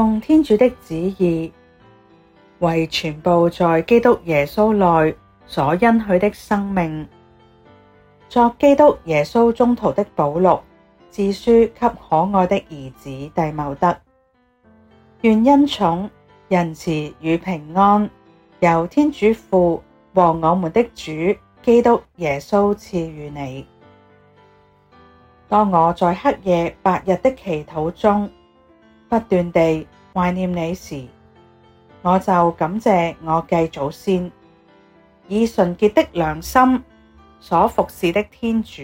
奉天主的旨意，為傳佈在基督耶穌內所恩許的生命，作基督耶穌宗徒的保祿，致書給可愛的兒子弟茂德，願恩寵、仁慈與平安，由天主父和我們的主基督耶穌賜與你。當我在黑夜、白日的祈禱中，不斷地懷念你時，我就感謝我繼祖先以純潔的良心所服侍的天主。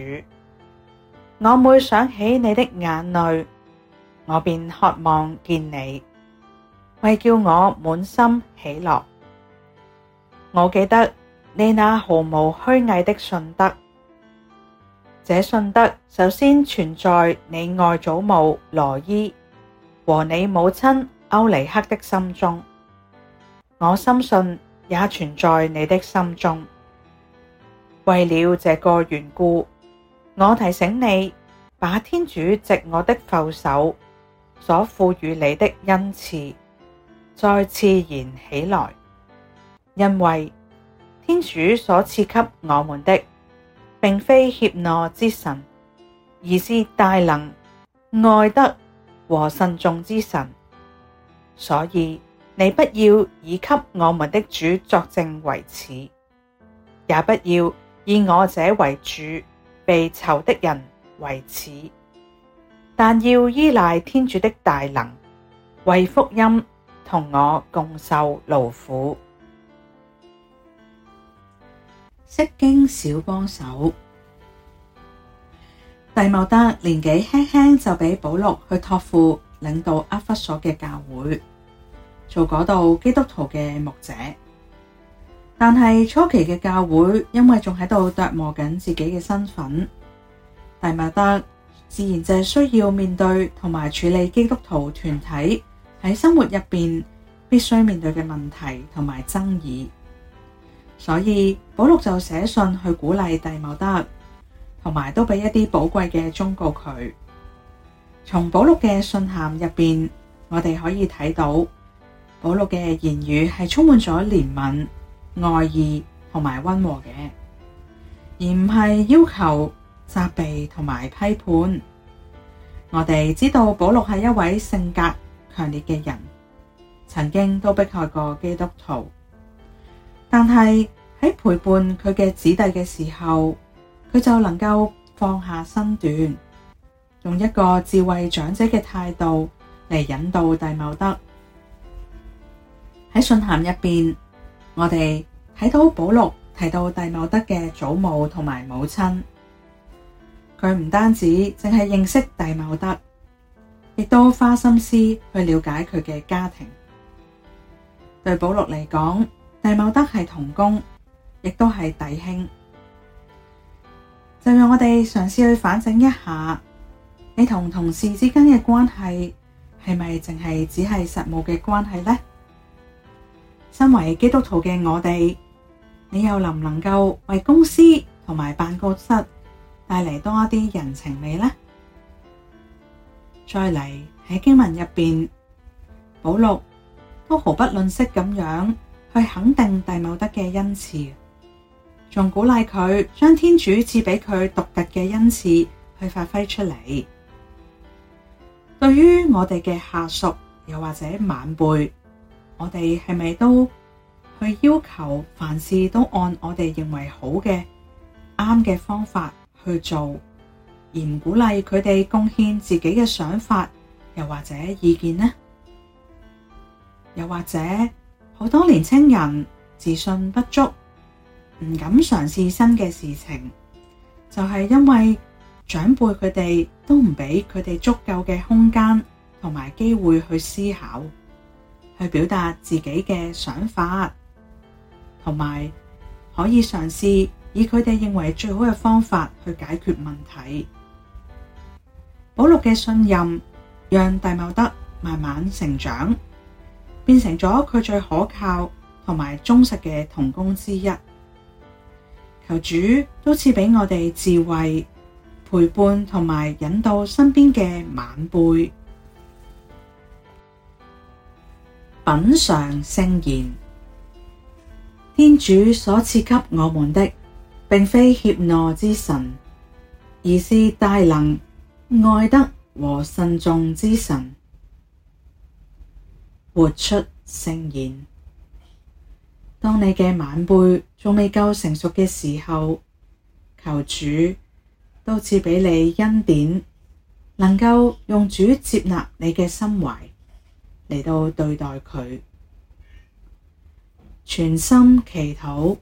我每想起你的眼淚，我便渴望見你，為叫我滿心喜樂。我記得你那毫無虛偽的信德，這信德首先存在你外祖母羅依。和你母親歐尼刻的心中，我深信也存在你的心中。為了這個緣故，我提醒你，把天主藉我的覆手所賦予你的恩賜再次燃起來，因為天主所賜給我們的，並非怯懦之神，而是大能、愛德。.和慎重之神。所以你不要以給我們的主作證為恥，也不要以我這為主被囚的人為恥，但要依賴天主的大能，為福音同我共受勞苦。釋經小幫手。弟茂德年紀輕輕就俾保祿去托付領導厄弗所嘅教會，做嗰度基督徒嘅牧者。但係初期嘅教會因為仲喺度琢磨緊自己嘅身份，弟茂德自然就係需要面對同埋處理基督徒團體喺生活入邊必須面對嘅問題同埋爭議。所以保祿就寫信去鼓勵弟茂德。同埋都俾一啲寶貴嘅忠告佢。從保祿嘅信函入邊，我哋可以睇到保祿嘅言語係充滿咗憐憫、愛意同埋温和嘅，而唔係要求、責備同埋批判。我哋知道保祿係一位性格強烈嘅人，曾經都迫害過基督徒，但係喺陪伴佢嘅子弟嘅時候。佢就能夠放下身段，用一個智慧長者嘅態度嚟引導弟茂德。喺信函入邊，我哋睇到保禄提到弟茂德嘅祖母同埋母親，佢唔單止淨係認識弟茂德，亦都花心思去了解佢嘅家庭。對保禄嚟講，弟茂德係同工，亦都係弟兄。就讓我哋嘗試去反省一下，你同同事之間嘅關係係咪淨係只係實務嘅關係呢？身為基督徒嘅我哋，你又能唔能夠為公司同埋辦公室帶嚟多啲人情味呢？再嚟喺經文入面，保祿都毫不吝嗇咁樣去肯定弟茂德嘅恩賜。仲鼓勵佢將天主賜俾佢獨特嘅恩賜去發揮出嚟。對於我哋嘅下屬又或者晚輩，我哋係咪都去要求凡事都按我哋認為好嘅、啱嘅方法去做，而唔鼓勵佢哋貢獻自己嘅想法，又或者意見呢？又或者好多年輕人自信不足。唔敢嘗試新嘅事情，就係因為長輩佢哋都唔俾佢哋足夠嘅空間同埋機會去思考，去表達自己嘅想法，同埋可以嘗試以佢哋認為最好嘅方法去解決問題。保祿嘅信任讓弟茂德慢慢成長，變成咗佢最可靠同埋忠實嘅同工之一。求主都賜畀我哋智慧，陪伴同埋引導身邊嘅晚輩，品嘗聖言。天主所賜給我們的，並非怯懦之神，而是大能、愛德和慎重之神。活出聖言。當你嘅晚輩仲未夠成熟嘅時候，求主都賜畀你恩典，能夠用主接納你嘅心懷嚟到對待佢，全心祈禱，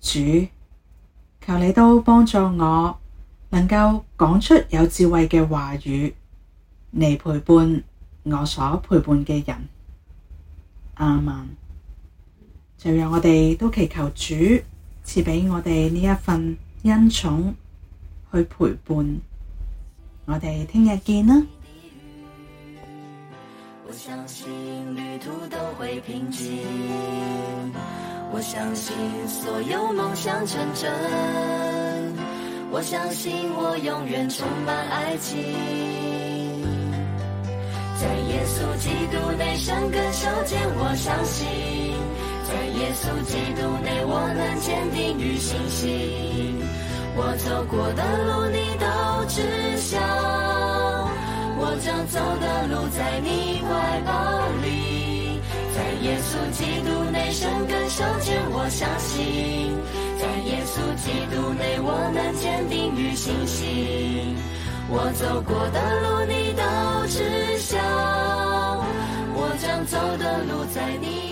主求你都幫助我，能夠講出有智慧嘅話語嚟陪伴我所陪伴嘅人。阿們。就讓我哋都祈求主賜畀我哋呢一份恩寵去陪伴我哋，聽日見啦。我相信旅途都會平靜，我相信所有夢想成真，我相信我永遠充滿愛情，在耶穌基督內生根修建，我相信。在耶穌基督內，我能堅定與信心。我走過的路，你都知曉。我將走的路，在你懷抱裏。在耶穌基督內生根修建，我相信。在耶穌基督內，我能堅定與信心。我走過的路，你都知曉。我將走的路，在你。